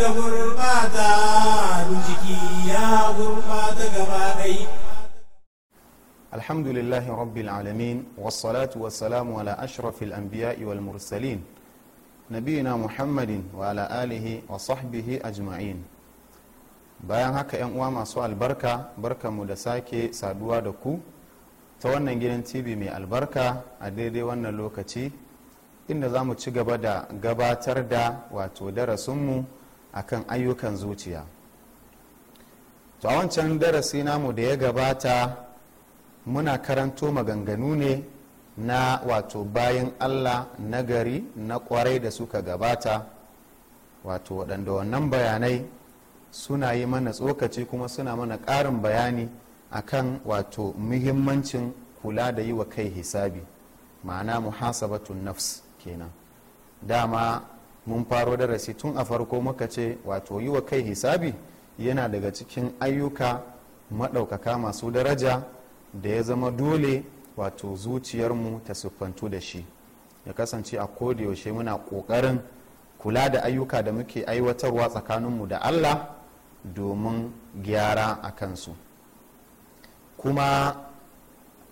da gurbata jiki ya gurbata gaba ɗai alhamdulillah rabbil alamin wassalatu wassalamu ala ashrafil anbiya'i wal mursalin nabiyina muhammadin wa ala alihi wa sahbihi ajma'in bayan haka yan uwa masu albarka barka mu da sake saduwa da ku ta wannan gidan tv mai albarka a daidai wannan lokaci inda za mu ci gaba da gabatar da wato darasinmu akan ayyukan zuciya to a wancan darasi namu da ya gabata muna karanto maganganu ne na wato bayan allah nagari na kwarai da suka gabata wato waɗanda wannan bayanai suna yi mana tsokaci kuma suna mana ƙarin bayani akan wato muhimmancin kula da yi wa kai hisabi ma'ana muhasabatun nafs kenan dama mun faro darasi tun a farko muka ce wato yi wa kai hisabi yana daga cikin ayyuka maɗaukaka masu daraja da ya zama dole wato zuciyarmu ta siffantu da shi ya kasance a yaushe muna ƙoƙarin kula da ayyuka da muke aiwatarwa tsakaninmu da allah domin gyara a kansu kuma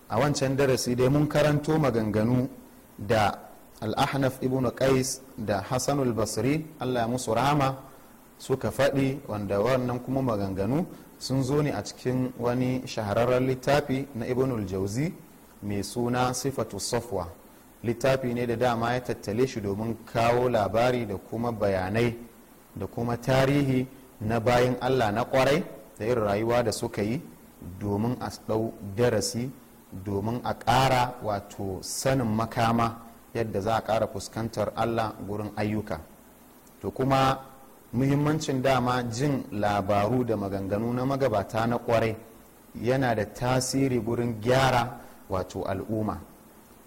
a wancan darasi dai mun karanto maganganu da al'ahnaf ibn qais da hassan basri allah ya musu rahama suka faɗi wanda wannan kuma maganganu sun zo ne a cikin wani shahararren littafi na ibn jauzi mai suna sifatu safwa littafi ne da dama ya tattale shi domin kawo labari da kuma bayanai da kuma tarihi na bayan allah na kwarai da yin rayuwa da suka yi domin a ɗau darasi domin a ƙara wato sanin makama yadda za a ƙara fuskantar allah gurin ayyuka to kuma muhimmancin dama jin labaru da maganganu na magabata na kwarai yana da tasiri gurin gyara wato al'umma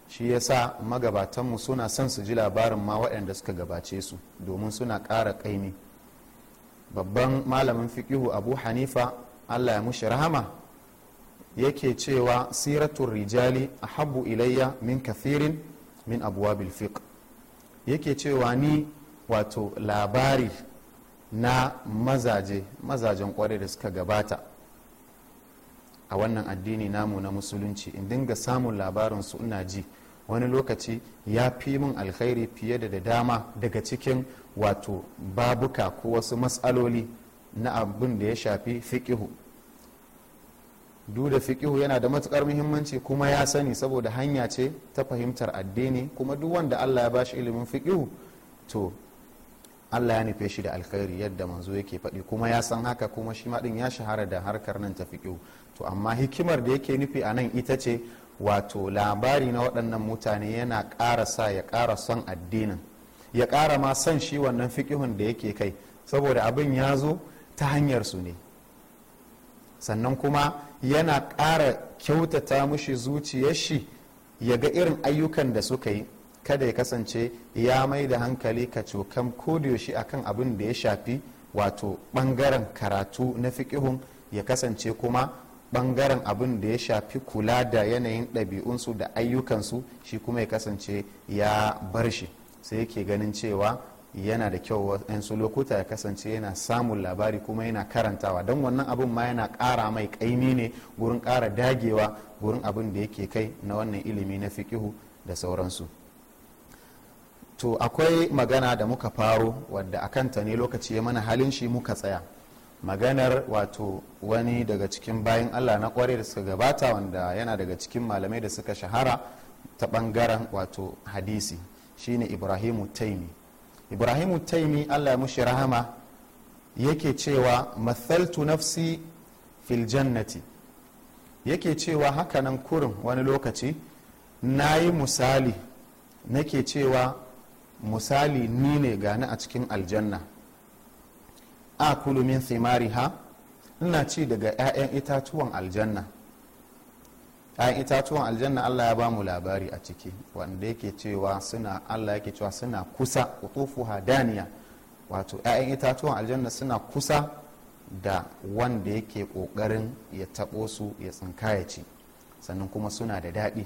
shi yasa magabatanmu suna son su ji labarin ma waɗanda suka gabace su domin suna ƙara ƙaimi babban malamin fiƙihu abu hanifa allah ya mushi rahama yake cewa siratun rijali a habu ilayya min kathirin min abwabil fiqh yake cewa ni wato labari na mazaje mazajen kwarai da suka gabata a wannan addini namu na musulunci in dinga samun labarin su ina ji wani lokaci ya fi min alkhairi fiye da dama daga cikin wato babuka ko wasu matsaloli na abin da ya shafi fiƙihu duda da fiqihu yana da matukar muhimmanci kuma ya sani saboda hanya ce ta fahimtar addini kuma duk wanda Allah ya bashi ilimin fiqihu to Allah ya nufe shi da alkhairi yadda manzo yake faɗi kuma ya san haka kuma shi din ya shahara da harkar nan ta fiqihu to amma hikimar da yake nufi a nan ita ce wato labari na waɗannan mutane yana ƙara sa ya ƙara son addinin ya ƙara ma son shi wannan fiƙihun da yake kai saboda abin ya zo ta hanyar su ne sannan kuma yana ƙara kyautata mushi zuciyar shi ya ga irin ayyukan da suka yi kada ya kasance ya mai da hankali ka cokan kodiyoshi kan abin da ya shafi wato ɓangaren karatu na fiƙihun ya kasance kuma ɓangaren abin da ya shafi kula da yanayin ɗabi'unsu da ayyukansu shi kuma ya kasance ya bar shi sai yake ganin cewa yana da kyau su lokuta ya kasance yana samun labari kuma yana karantawa don wannan abin ma yana kara mai kaimi ne gurin kara dagewa gurin abin da yake kai na wannan ilimi na fikihu da sauransu to akwai magana da muka faro wadda a kanta ne lokaci ya mana halin shi muka tsaya maganar wato wani daga cikin bayan allah na kware da suka gabata wanda yana daga cikin malamai da suka shahara ta bangaren wato hadisi shine ibrahimu taimi ibrahimu taimi allah ya mushi rahama yake cewa mathaltu nafsi fil jannati yake cewa hakanan kurin wani lokaci na yi misali nake cewa misali ni ne gani a cikin aljanna a kulumin thimari ha ina ci daga 'ya'yan itatuwan aljanna 'ya'yan itatuwan aljanna allah ya bamu labari a ciki wanda yake cewa suna allah yake cewa suna kusa kutufu hadaniya wato 'ya'yan itatuwan aljanna suna kusa da wanda yake kokarin ya taɓo su ya tsinkaya ya ci sannan kuma suna da daɗi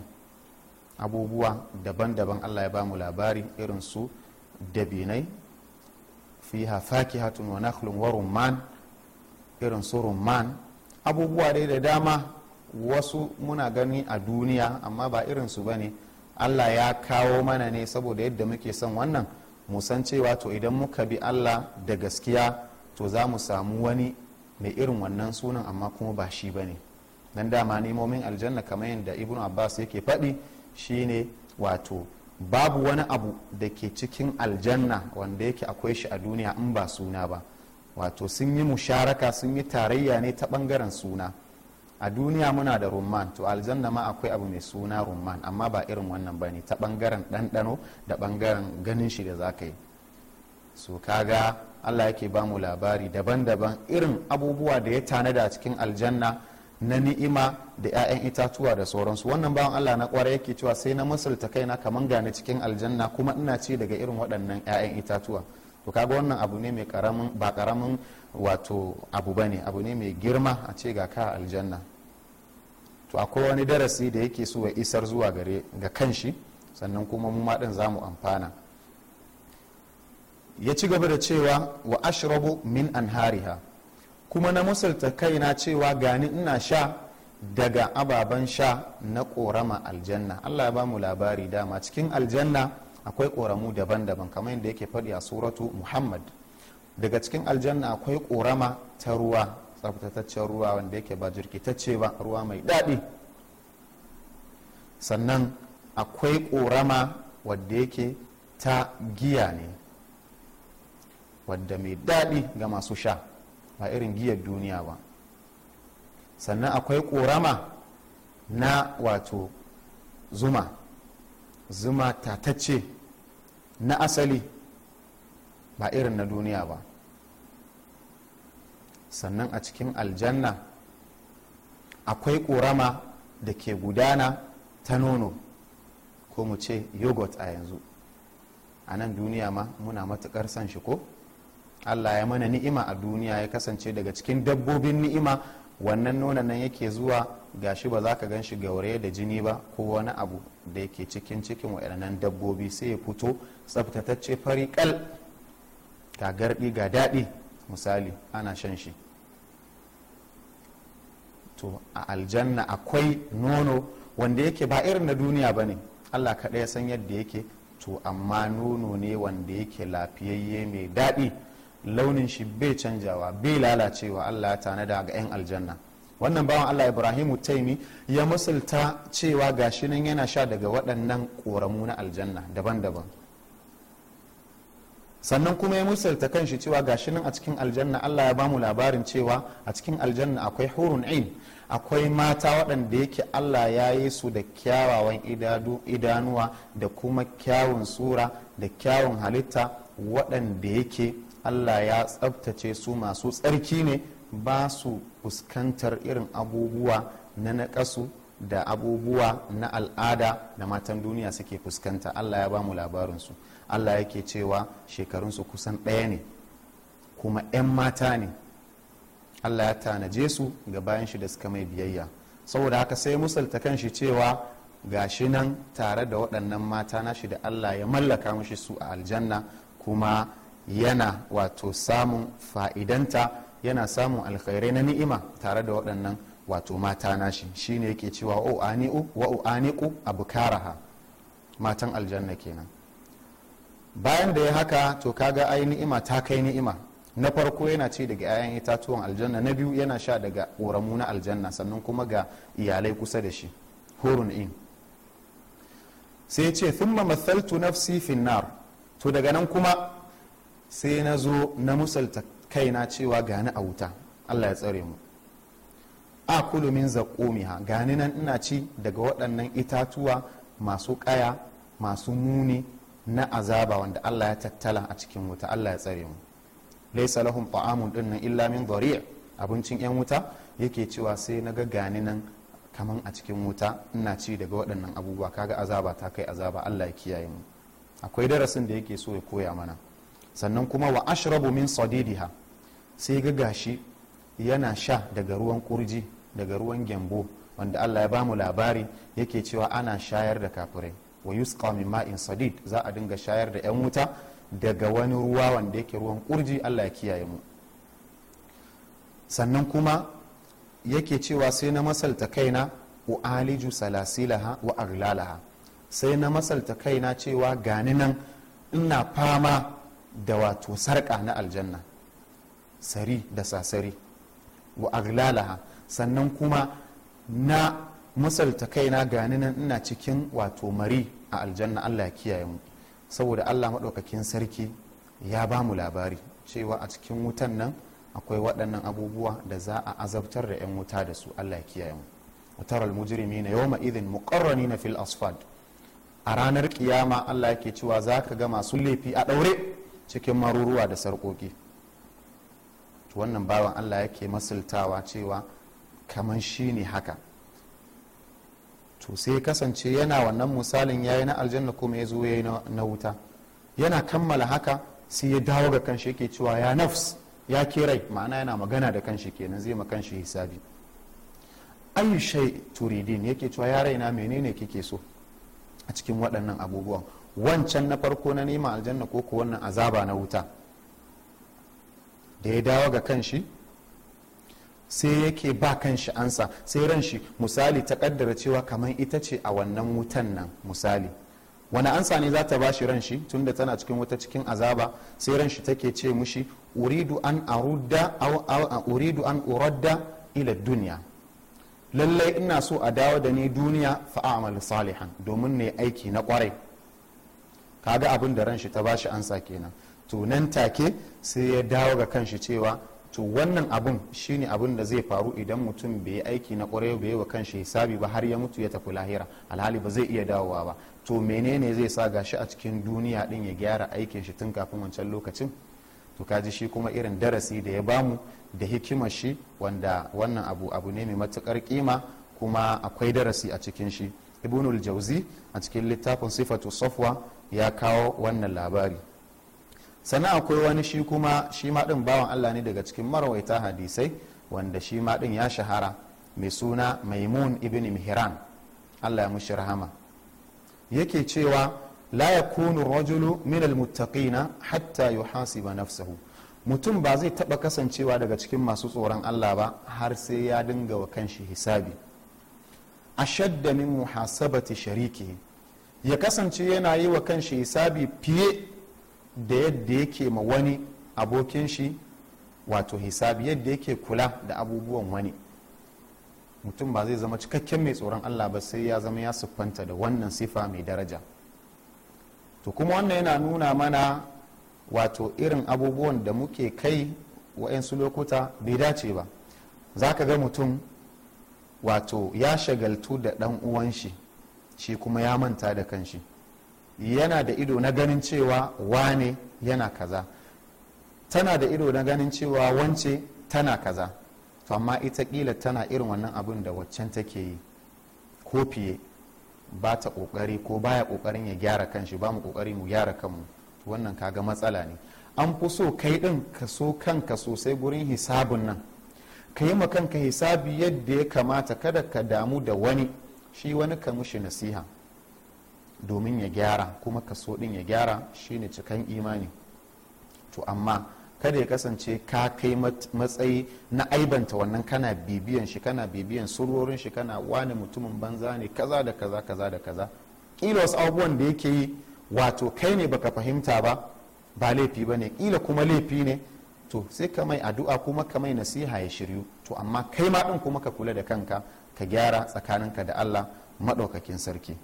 abubuwa daban-daban allah ya bamu labari irin su dabinai fiha hatun wa nakhlun wa rumman irin su rumman abubuwa dai da dama wasu muna gani a duniya amma ba irinsu ba ne allah ya kawo mana ne saboda yadda muke son wannan musan cewa to idan muka bi allah da gaskiya to za mu samu wani mai irin wannan sunan amma kuma ba shi ba ne don dama nemomin aljanna kamar yadda ibn abbas yake faɗi shine wato babu wani abu da ke cikin aljanna wanda yake akwai shi a duniya in ba suna ba wato sun yi musharaka sun yi tarayya ne ta ɓangaren suna a duniya muna da rumman to aljanna ma akwai abu mai suna rumman amma ba irin wannan ba ne ta bangaren ɗanɗano da bangaren ganin shi da za ka yi so ga allah yake ba mu labari daban-daban irin abubuwa da ya tanada da cikin aljanna na ni'ima da 'ya'yan itatuwa da sauransu wannan bawan allah na kwarai yake cewa sai na musulta kaina kamar gane cikin aljanna kuma ina ci daga irin waɗannan 'ya'yan itatuwa to kaga wannan abu ne mai karamin ba karamin wato abu ba ne abu ne mai girma a ce ga ka aljanna to akwai wani darasi da yake so ya isar zuwa gare ga kanshi sannan kuma mu ma din zamu amfana ya ci gaba da cewa wa ashrabu min anhariha kuma na musulta kaina cewa gani ina sha daga ababen sha na korama aljanna allah ya ba mu labari dama cikin aljanna akwai ƙoramu daban-daban kamar yadda yake faɗi a suratu muhammad daga cikin aljanna akwai ƙorama ta ruwa tsabtataccen ruwa wanda yake ba jirkitacce ba ruwa mai daɗi sannan akwai ƙorama wadda yake ta giya ne wadda mai daɗi ga masu sha ba irin giyar duniya ba sannan akwai ƙorama na wato zuma zuma ta tatacce na asali ba irin na duniya ba sannan a cikin aljanna akwai ƙorama da ke gudana ta nono ko mu ce yogurt a yanzu a nan duniya ma muna matuƙar son shi ko allah ya mana ni'ima a duniya ya kasance daga cikin dabbobin ni'ima wannan nonon nan yake zuwa gashi ba za ka gan shi gaure da jini ba ko wani abu da yake cikin cikin waɗannan dabbobi sai ya fito tsaftatacce fari kal ga garbi ga daɗi misali ana shan shi to a aljanna akwai nono wanda yake ba irin na duniya ba ne allah kaɗai ya san yadda yake to amma nono ne wanda yake lafiyayye mai daɗi launin shi bai canjawa bai lalacewa allah ya tanada ga 'yan aljanna wannan bawan allah ibrahimu taimi ya musulta cewa gashi nan yana sha daga waɗannan ƙoramu na aljanna daban-daban sannan kuma ya musulta kan shi cewa gashi nan a cikin aljanna allah ya bamu labarin cewa a cikin aljanna akwai hurun in akwai mata waɗanda yake allah ya yi su da kyawawan idanuwa da kuma kyawun tsura da kyawun halitta waɗanda yake allah ya tsabtace su masu tsarki ne ba su fuskantar irin abubuwa na naƙasu da abubuwa na al'ada da matan duniya suke fuskanta allah ya ba mu labarinsu allah yake cewa shekarunsu kusan ɗaya ne kuma 'yan mata ne allah ya tanaje su ga bayan shi da suka mai biyayya saboda haka sai musulta kan shi cewa gashi nan tare da waɗannan mata na shi da allah ya mallaka mushi su a aljanna kuma yana wato samun fa'idanta yana samun alkhairai na ni'ima tare da waɗannan wato mata nashi shine yake cewa o'ani'u wa o'ani'u abu karaha matan aljanna kenan bayan da ya haka to kaga ai ni'ima ta kai ni'ima na farko yana ci daga 'ya'yan itatuwan aljanna na biyu yana sha daga ƙoramu na aljanna sannan kuma ga iyalai kusa da shi hurun in sai ce thumma mathaltu nafsi finnar to daga nan kuma sai na zo na kai na cewa gani a wuta allah ya tsare mu a kulumin zaƙomiha gani nan ina ci daga waɗannan itatuwa masu ƙaya masu muni na azaba wanda allah ya tattala a cikin wuta allah ya tsare mu laisa lahum ta'amun din nan illa min dhari' abincin yan wuta yake cewa sai na ga gani nan kaman a cikin wuta ina ci daga waɗannan abubuwa kaga azaba ta kai azaba allah ya kiyaye mu akwai darasin da yake so ya koya mana sannan kuma wa ashrabu min sadidiha sai ga gashi yana sha daga ruwan kurji daga ruwan gyambo wanda Allah ya bamu labari yake cewa ana shayar da kafirai wa yusqa min ma'in sadid za a dinga shayar da yan wuta daga wani ruwa wanda yake ruwan kurji Allah ya kiyaye mu sannan kuma yake cewa sai na masalta kaina u'aliju salasilaha wa aglalaha sai na masalta kaina cewa gani nan ina fama da wato sarƙa na aljanna sari da sasari wa aglalaha sannan kuma na musalta kaina gani nan ina cikin wato mari a aljanna allah ya kiyaye mu saboda allah maɗaukakin sarki ya ba mu labari cewa a cikin wutan nan akwai waɗannan abubuwa da za a azabtar da 'yan wuta da su allah ya kiyaye mu wataral mujrimi na yawma idin muqarrani na fil asfad a ranar kiyama allah yake cewa za ka ga masu laifi a ɗaure cikin maruruwa da sarƙoƙi wannan bawan allah yake masultawa cewa kamar shi ne haka to sai kasance yana wannan misalin ya yi na aljanna kuma ya zo ya yi na wuta yana kammala haka sai ya dawo ga kanshi yake cewa ya nafs ya ke rai ma'ana yana magana da kanshi kenan zai ma kanshi hisabi ayu turidin yake cewa ya raina menene kike so a cikin waɗannan abubuwan wancan na farko na neman aljanna ko ko wannan azaba na wuta da ya dawo ga kanshi sai yake ba kanshi ansa sai ran shi misali ta kaddara cewa kamar ita ce a wannan wutan nan misali wani ansa ne za ta bashi ran shi tunda tana cikin wuta cikin azaba sai ran shi take ce mushi uridu an arudda uridu an uradda ila duniya lallai ina so a dawo da ni duniya fa'amal salihan domin ne aiki na kwarai kaga abin da ran shi ta bashi ansa kenan to nan take sai ya dawo ga kanshi cewa to wannan abun shine abin da zai faru idan mutum bai yi aiki na kwarai bai yi wa kanshi hisabi ba har ya mutu ya tafi lahira alhali ba zai iya dawowa ba to menene zai sa gashi a cikin duniya din ya gyara aikin shi tun kafin wancan lokacin to kaji shi kuma irin darasi da ya bamu da hikimar shi wanda wannan abu abu ne mai matukar kima kuma akwai darasi a cikin shi ibnul jauzi a cikin littafin sifatu safwa ya kawo wannan labari sannan akwai wani shi kuma shi ma ɗin bawan allah ne daga cikin marawaita hadisai wanda shi ma ɗin ya shahara mai suna maimun ibn mihran allah ya mushi rahama yake cewa la yakunu rajulu min almuttaqina hatta yuhasiba nafsahu mutum ba zai taɓa kasancewa daga cikin masu tsoron Allah ba har sai ya dinga wa kanshi hisabi ashadda min muhasabati shariki ya kasance yana yi wa kanshi hisabi fiye da yadda yake ma wani abokin shi wato hisabi yadda yake kula da abubuwan wani mutum ba zai zama cikakken mai tsoron allah ba sai ya zama ya siffanta da wannan sifa mai daraja to kuma wannan yana nuna mana wato irin abubuwan da muke kai wa'yansu lokuta bai dace ba za ka ga mutum wato ya shagaltu da dan uwan shi shi kuma ya manta da kanshi yana da ido na ganin cewa wane yana kaza tana da ido na ganin cewa wance tana kaza to amma ita kila tana irin wannan abin da waccan take yi ko fiye ba ta kokari ko baya kokarin ya gyara kanshi ba mu kokari mu gyara kanmu wannan kaga matsala ne an fi so kai din ka so kanka sosai gurin hisabun nan ka yi ma kanka hisabi yadda ya kamata kada ka damu da wani shi wani ka mushi nasiha domin ya gyara kuma ka so din ya gyara shine cikan imani to amma kada ya kasance ka kai matsayi na aibanta wannan kana bibiyan shi kana bibiyan surorin shi kana wani mutumin banza ne kaza da kaza kaza da kaza kila wasu abubuwan da yake yi wato kai ne baka fahimta ba ba laifi ba ne kila kuma laifi ne to sai ka mai addu'a kuma ka mai nasiha ya shiryu to amma kai ma din kuma ka kula da kanka ka gyara tsakaninka da allah maɗaukakin sarki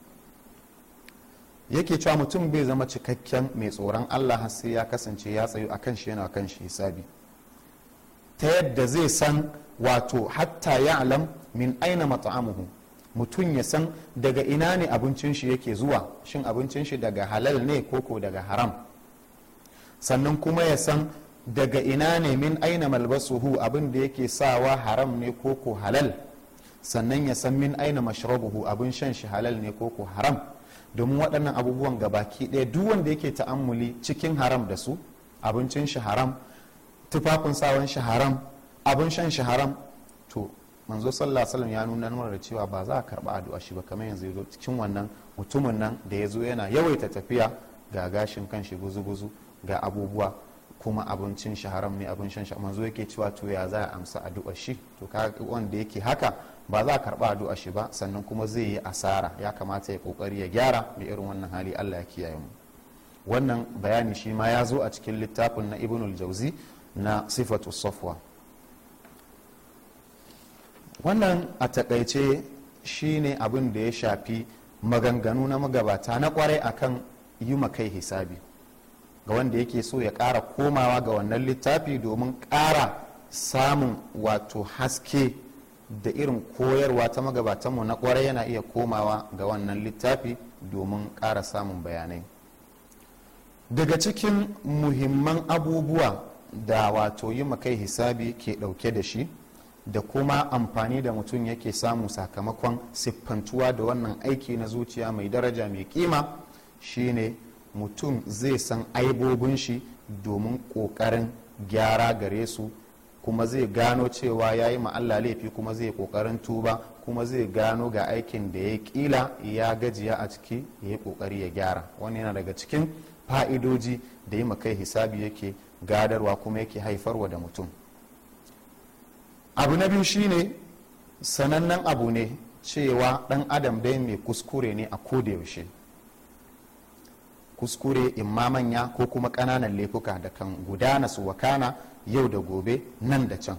yake cewa mutum bai zama cikakken mai tsoron allah har sai ya kasance ya tsayu a kan shi yana kan shi hisabi ta yadda zai san wato hatta ya alam min aina mata'amuhu mutum ya san daga ina ne abincin shi yake zuwa shin abincin shi daga halal ne koko daga haram sannan kuma ya san daga ina ne min aina malbasuhu abin da yake sawa haram ne ko halal sannan ya san min aina mashrabuhu abin shan shi halal ne ko ko haram domin waɗannan abubuwan ga baki ɗaya duk wanda yake ta'ammuli cikin haram da su abincin shi haram tufafin sawan shi haram abin shan shi haram to manzo sallallahu alaihi ya nuna mana da cewa ba za a karba addu'a shi ba kamar yanzu zo cikin wannan mutumin nan da ya zo yana yawaita tafiya ga gashin kan shi guzu-guzu ga abubuwa kuma abincin shi haram ne abin shan shi manzo yake cewa to ya za a amsa addu'ar shi to ka wanda yake haka ba za a karba addu'a shi ba sannan kuma zai yi asara ya kamata ya kokari ya gyara mai irin wannan hali Allah ya kiyaye mu wannan bayani shi ma ya zo a cikin littafin na ibnul jauzi na sifatu safwa wannan a takaice shi abin da ya shafi maganganu na magabata na kwarai akan yi kai hisabi ga wanda yake so ya ƙara komawa ga wannan littafi domin ƙara samun wato haske da irin koyarwa ta magabatanmu na kwarai yana iya komawa ga wannan littafi domin ƙara samun bayanai daga cikin muhimman abubuwa da wato yi kai hisabi ke ɗauke da shi da kuma amfani da mutum yake samu sakamakon siffantuwa da wannan aiki na zuciya mai daraja mai kima shine mutum zai san aibobin shi domin ƙoƙarin gyara gare su kuma zai gano cewa ya yi Allah laifi kuma zai kokarin tuba kuma zai gano ga aikin da ya kila ya gajiya a ciki ya yi kokari ya gyara wani yana daga cikin fa'idoji da yi kai hisabi yake gadarwa kuma yake haifarwa da mutum abu na biyu shine sanannen abu ne cewa dan adam dai mai kuskure ne a yaushe kuskure imma manya ko kuma ƙananan laifuka da kan gudana su wakana yau da gobe nan da can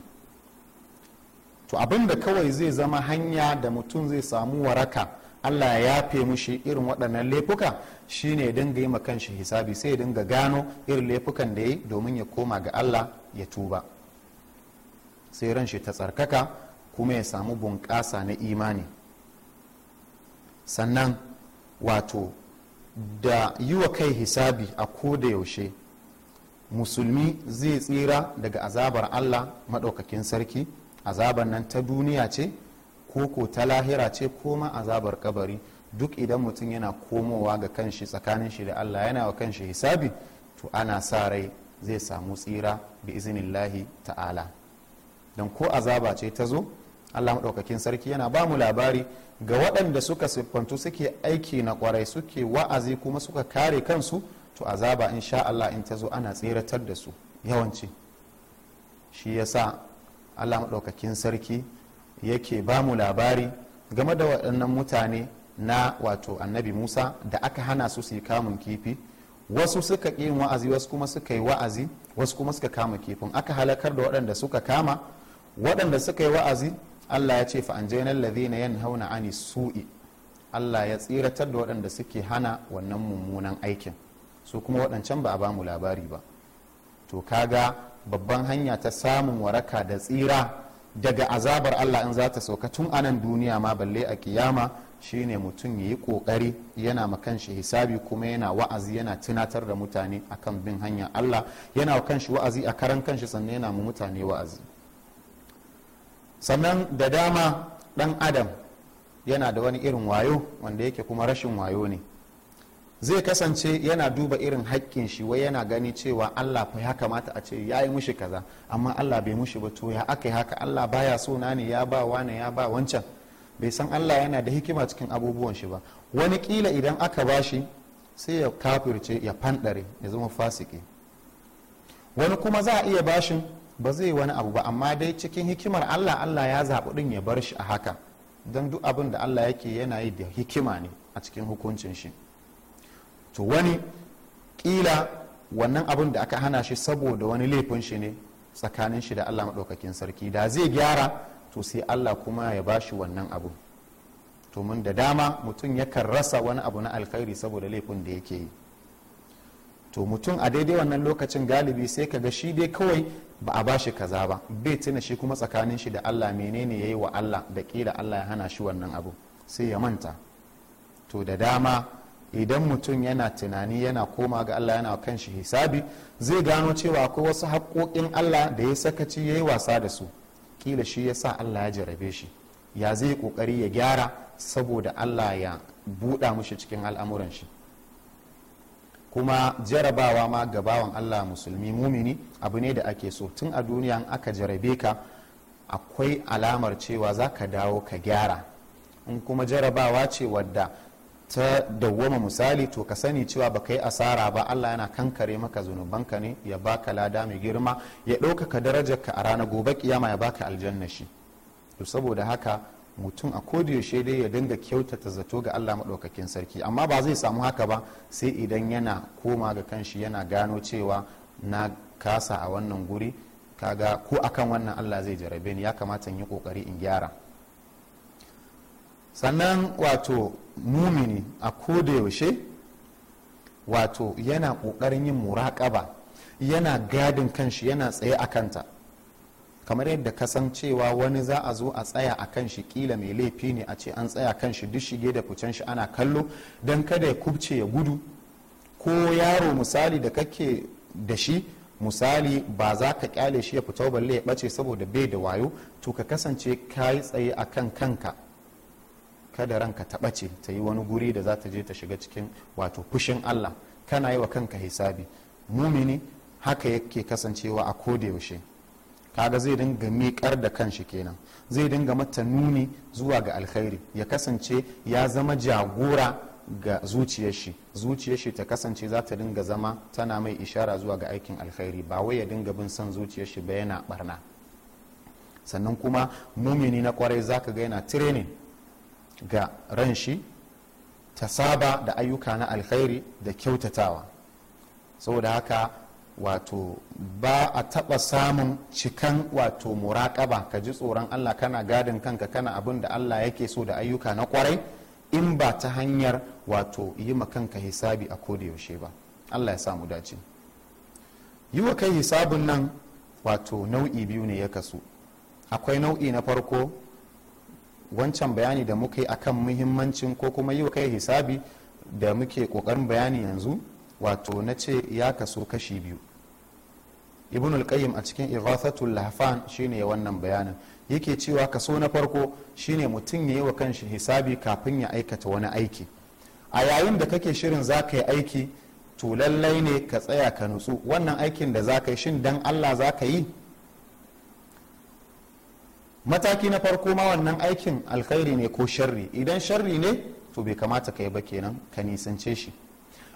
to abin da kawai zai zama hanya da mutum zai samu waraka allah ya yafe mushi irin waɗannan laifuka shine ya dinga yi ma shi hisabi sai ya dinga gano irin laifukan da ya yi domin ya koma ga allah ya tuba sai ran shi ta tsarkaka kuma ya samu bunƙasa na imani sannan wato da yi wa kai hisabi a ko da yaushe musulmi zai tsira daga azabar allah maɗaukakin sarki azabar nan ta duniya ce ko ko ta lahira ce ko ma azabar kabari duk idan mutum yana komowa ga kanshi tsakanin shi da allah yana wa kanshi hisabi to ana sa rai zai samu tsira bi lahi ta'ala don ko azaba ce ta zo allah maɗaukakin sarki yana ba mu labari ga waɗanda suka siffantu suke aiki na ƙwarai suke wa'azi kuma suka kare kansu to azaba in sha Allah in ta zo ana tseratar da su yawanci shi ya sa Allah maɗaukakin sarki yake ba mu labari game da waɗannan mutane na wato annabi Musa da aka hana su su yi kamun kifi wasu suka ƙi wa'azi wasu kuma suka yi wa'azi wasu kuma suka kama kifin aka halakar da waɗanda suka kama waɗanda suka yi wa'azi Allah ya ce fa an na yan hauna ani su'i Allah ya tsiratar da waɗanda suke hana wannan mummunan aikin su kuma waɗancan ba a bamu labari ba to kaga babban hanya ta samun waraka da tsira daga azabar allah in za ta sauka tun anan duniya ma balle a kiyama shine mutum ya yi kokari yana ma shi hisabi kuma yana wa'azi yana tunatar da mutane akan bin hanyar allah yana wa kanshi wa'azi a karan kanshi sannan yana mu mutane wa'azi sannan da dama ɗan adam yana da wani irin wayo wanda yake kuma rashin wayo ne zai kasance yana duba irin haƙƙin shi wai yana gani cewa Allah fa ya kamata a ce ya yi mushi kaza amma Allah bai mushi ba to ya aka haka Allah baya so na ne ya ba wani ya ba wancan bai san Allah yana da hikima cikin abubuwan shi ba wani kila idan aka ba shi sai ya kafirce ya fanɗare ya zama fasiki wani kuma za a iya bashin ba zai wani abu ba amma dai cikin hikimar Allah Allah ya zaɓi ɗin ya bar shi a haka don duk abin da Allah yake yana yi da hikima ne a cikin hukuncin shi to wani kila wannan abin da aka hana shi saboda wani laifin shi ne tsakanin shi da allah maɗaukakin sarki da zai gyara to sai allah kuma ya ba shi wannan abu to mun da dama mutum yakan rasa wani abu na alkhairi saboda laifin da yake yi to mutum a daidai wannan lokacin galibi sai ka ga shi dai kawai ba a ba shi kaza ba bai tuna shi kuma tsakanin shi da allah menene ya yi wa allah da kila allah ya hana shi wannan abu sai ya manta to da dama idan mutum yana tunani yana koma ga allah yana kan shi hisabi zai gano cewa akwai wasu haƙoƙin allah da ya sakaci ya yi wasa da su kila shi ya sa allah ya jarabe shi ya zai ƙoƙari ya gyara saboda allah ya buɗa mushi cikin al'amuran shi kuma jarabawa ma gabawan allah musulmi mumini abu ne da ake so tun a duniya aka jarabe ka akwai alamar cewa za ka dawo ka gyara in kuma jarabawa ce wadda ta dawwama misali to ka sani cewa ba ka yi asara ba allah yana kankare maka zunubanka ne ya baka lada mai girma ya ɗaukaka darajar ka a ranar gobe kiyama ya baka aljanna shi to saboda haka mutum a kodiyaushe dai ya dinga kyautata zato ga allah maɗaukakin sarki amma ba zai samu haka ba sai idan yana koma ga kanshi yana gano cewa na kasa a wannan guri kaga ko akan wannan allah zai jarabe ni ya kamata in yi kokari in gyara sannan wato mumini a yaushe wato yana ƙoƙarin yin muraƙaba yana gadin kanshi yana tsaye a kanta kamar yadda ka san cewa wani za a zo a tsaya a kan shi kila mai laifi ne a ce an tsaya kan shi duk shige da ficen shi ana kallo don kada ya kubce ya gudu ko yaro misali da kake da shi misali ba za ka kyale shi ya fito balle ya bace saboda bai da wayo to ka kasance ka yi tsaye a kan kanka kada ranka ta ɓace ta yi wani guri da za ta je ta shiga cikin wato fushin allah kana yi wa kanka hisabi mumini haka yake kasancewa a koda yaushe kaga zai dinga miƙar da kanshi kenan zai dinga mata nuni zuwa ga alkhairi ya kasance ya zama jagora ga zuciyar shi zuciyar shi ta kasance za ta dinga zama tana mai ishara zuwa ga aikin alkhairi ba wai ya dinga bin son zuciyar shi ba yana barna sannan kuma mumini na kwarai zaka ga yana training ga ranshi ta saba da ayyuka na alkhairi da kyautatawa saboda haka wato ba a taɓa samun cikan wato muraƙaba ka ji tsoron allah kana gadin kanka kana abin da allah yake so da ayyuka na kwarai in ba ta hanyar wato yi ma kanka hisabi a koda yaushe ba allah ya samu dace yi wa kai hisabin nan wato nau'i biyu ne ya kasu akwai nau'i na farko wancan bayani da muka yi akan muhimmancin ko kuma yi wa kai hisabi da muke kokarin bayani yanzu wato na ce ya kaso kashi biyu ibn al a cikin irathatul lahfan shine wannan bayanin yake cewa kaso na farko shine mutum ya yi wa kanshi hisabi kafin ya aikata wani aiki a yayin da kake shirin za ka yi aiki to lallai ne ka tsaya ka nutsu wannan aikin da za ka yi shin dan allah za ka yi mataki na farko ma wannan aikin alkhairi ne ko sharri idan sharri ne to bai kamata ka yi ba kenan ka nisance shi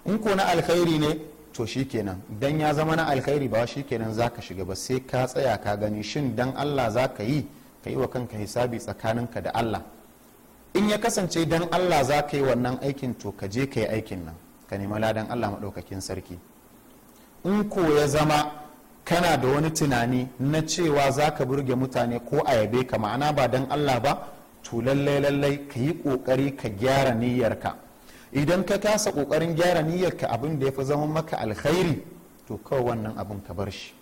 in ko na alkhairi ne to shi kenan dan ya zama na alkhairi ba shi kenan za ka shiga ba sai ka tsaya ka gani shin dan allah za ka yi ka yi wa kanka hisabi tsakaninka da allah in ya kasance dan allah za ka yi wannan aikin to ka je ka yi aikin nan ka nema ladan allah maɗaukakin sarki in ko ya zama kana da wani tunani na cewa za ka burge mutane ko a yabe ka ma'ana ba don allah ba to lallai lallai ka yi ƙoƙari ka gyara niyyarka idan ka kasa ƙoƙarin gyara niyyarka abin da ya fi zama maka alkhairi to kawai wannan abin ka bar shi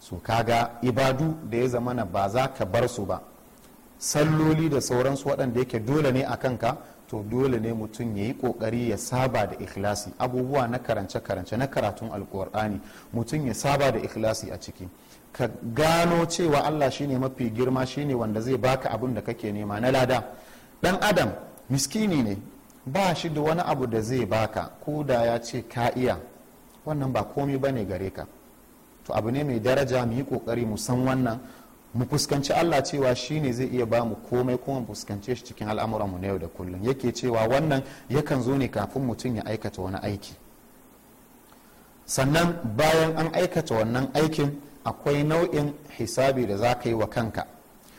su kaga ibadu da ya zamana ba za ka bar su ba salloli da sauransu waɗanda yake dole ne a kanka to dole ne mutum ya yi kokari ya saba da ikhlasi abubuwa na karance-karance na karatun alkur'ani mutum ya saba da ikhlasi a ciki ka gano cewa allah shine mafi girma shine wanda zai baka abin da kake nema na lada dan adam miskini ne ba shi da wani abu da zai baka ko da ya ce ka iya wannan ba komi bane gare ka to abu ne mai daraja mu yi kokari mu san wannan mu fuskanci Allah cewa shi ne zai iya ba mu komai kuma mu fuskance shi cikin al'amuran mu na yau da kullum yake cewa wannan yakan zo ne kafin mutum ya aikata wani aiki sannan bayan an aikata wannan aikin akwai nau'in hisabi da za ka yi wa kanka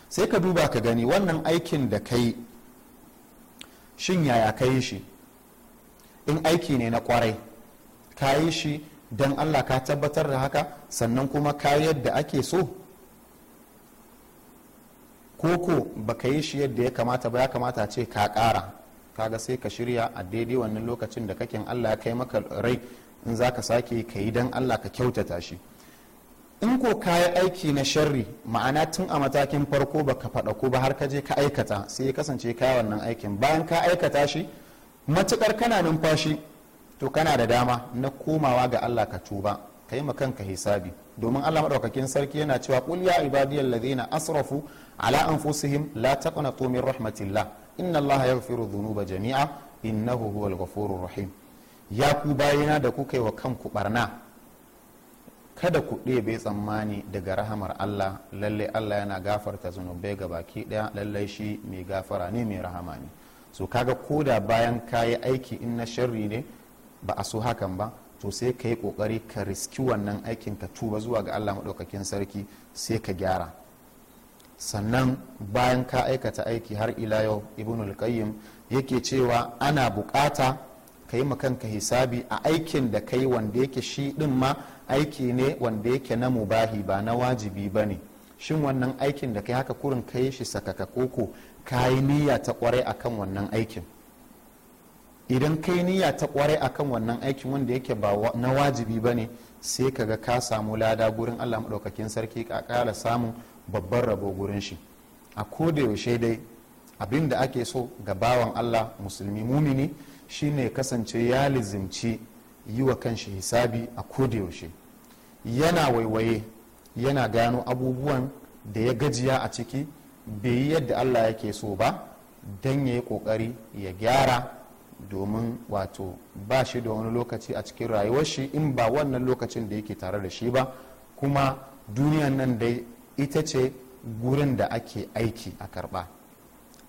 sai ka duba ka gani wannan aikin da ka yi shin yaya ka yi shi in aiki ne na kwarai ka yi shi don allah ka tabbatar da haka sannan kuma ka yadda ake so koko baka yi shi yadda ya kamata ba ya kamata a ce ka kara kaga sai ka shirya a daidai wannan lokacin da kakin allah ya kai maka rai in za ka sake ka yi don allah ka kyautata shi in ko ka yi aiki na sharri ma'ana tun a matakin farko ba ka faɗa ko ba har ka je ka aikata sai ya kasance ka wannan aikin bayan ka aikata shi matukar kana numfashi to kana da dama na komawa ga allah ka tuba ka yi kanka hisabi domin allah maɗaukakin sarki yana cewa qul ya ibadiyal asrafu ala anfusihim la taqnatu min rahmatillah inna allaha yaghfiru dhunuba jami'a innahu huwal ghafurur rahim ya ku bayina da kuka yi wa kanku barna kada ku ɗebe tsammani daga rahamar allah lallai allah yana gafarta zunubai ga baki ɗaya lallai shi mai gafara ne mai rahama ne so kaga koda bayan kayi aiki in na sharri ne ba a so hakan ba to sai ka yi kokari ka riski wannan aikin ka tuba zuwa ga allah maɗaukakin sarki sai ka gyara sannan bayan ka aikata aiki har ila yau ibn qayyim yake cewa ana bukata ka yi makanka hisabi a aikin da ka yi wanda yake shi ɗin ma aiki ne wanda yake na mubahi ba na wajibi ba ne shin wannan aikin da ka yi haka kurin ka yi shi sakaka koko ka yi niyya ta kwarai akan wannan aikin idan kai niyya ta kware akan wannan aikin wanda yake ba na wajibi ba ne sai ka ga ka samu lada gurin allah maɗaukakin sarki ka ƙara samun babban rabo gurin shi a da yaushe dai abin da ake so ga bawan allah musulmi mumini shine kasance ya lizimci yi wa kanshi hisabi a kodayaushe yaushe yana waiwaye yana gano abubuwan da ya gajiya a ciki bai yi yadda allah yake so ba don ya yi kokari ya gyara domin wato ba shi da wani lokaci a cikin rayuwar shi in ba wannan lokacin da yake tare da shi ba kuma duniyan nan dai ita ce gurin da ake aiki a karba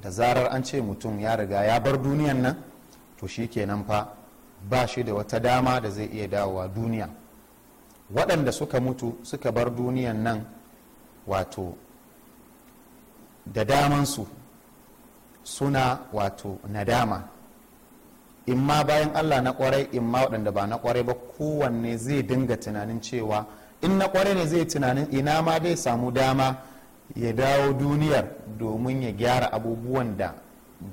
da zarar an ce mutum ya riga ya bar duniyan nan to shi kenan fa ba shi da wata dama da zai iya dawowa duniya waɗanda suka mutu suka bar duniyan nan wato da damansu suna wato nadama in ma bayan allah na kwarai in ma waɗanda ba na kwarai ba kowanne zai dinga tunanin cewa in na kwarai ne zai tunanin ina ma dai samu dama ya dawo duniyar domin ya gyara abubuwan da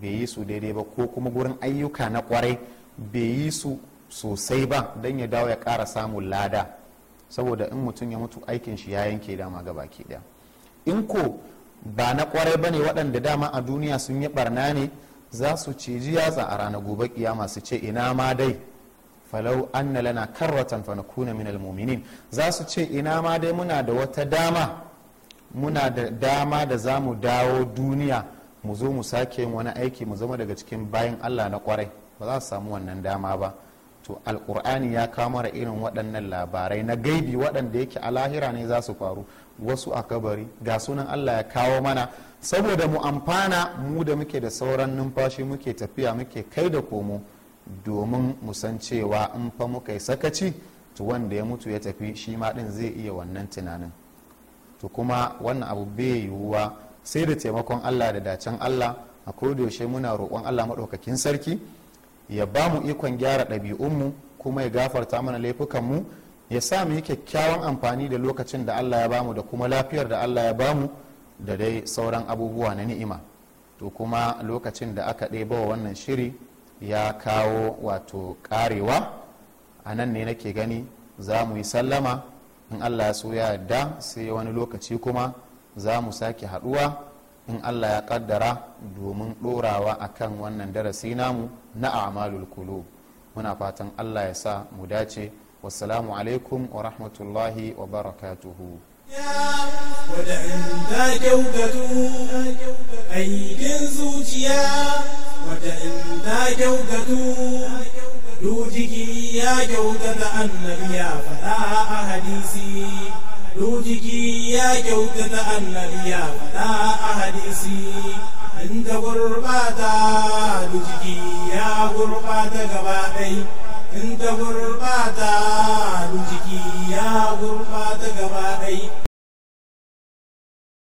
bai yi su daidai ba ko kuma gurin ayyuka na kwarai bai yi su sosai ba don ya dawo ya kara samun lada saboda in mutum ya mutu aikin shi ya yanke dama ga baki ɗaya in ko ba na kwarai ba ne waɗanda dama a duniya sun yi barna ne za su ciji yatsa a ranar gobe kiyama su ce ina ma dai falau anna lana karratan fa nakuna min almu'minin za su ce ina ma dai muna da wata dama muna da dama da za mu dawo duniya mu zo mu sake wani aiki mu zama daga cikin bayan Allah na kwarai ba za su samu wannan dama ba to alkur'ani ya kamara irin waɗannan labarai na gaibi waɗanda yake a lahira ne za su faru wasu a kabari ga sunan allah ya kawo mana saboda mu amfana mu da muke da sauran numfashi muke tafiya muke kai da komo domin mu san cewa in fa muka yi sakaci to wanda ya mutu ya tafi shi ma ɗin zai iya wannan tunanin to kuma wannan abu bai yiwuwa sai da taimakon allah da dacen allah a yaushe muna roƙon allah maɗaukakin sarki ya ba mu ikon gyara ɗabi'unmu kuma ya gafarta mana laifukanmu ya sa mu yi kyakkyawan amfani da lokacin da allah ya bamu da kuma lafiyar da allah ya bamu da dai sauran abubuwa na ni'ima to kuma lokacin da aka ɗeba wa wannan shiri ya kawo wato ƙarewa a nan ne nake gani za mu yi sallama in allah ya so ya yarda sai wani lokaci kuma za mu sake haɗuwa in allah ya ƙaddara domin ɗorawa akan wannan darasi namu na a'malul kulu muna fatan Allah ya sa mu dace wasalamu alaikum wa rahmatullahi wa barakatuhu wada'inda kyautatu aikin zuciya wada'inda kyautatu dujiki ya kyautata annabi ya faɗa a hadisi dujiki ya kyautata annabi ya faɗa a hadisi ta gurbata da jiki ya gurbata gaba ɗai in ta gurbata da jiki ya gurbata gaba ɗai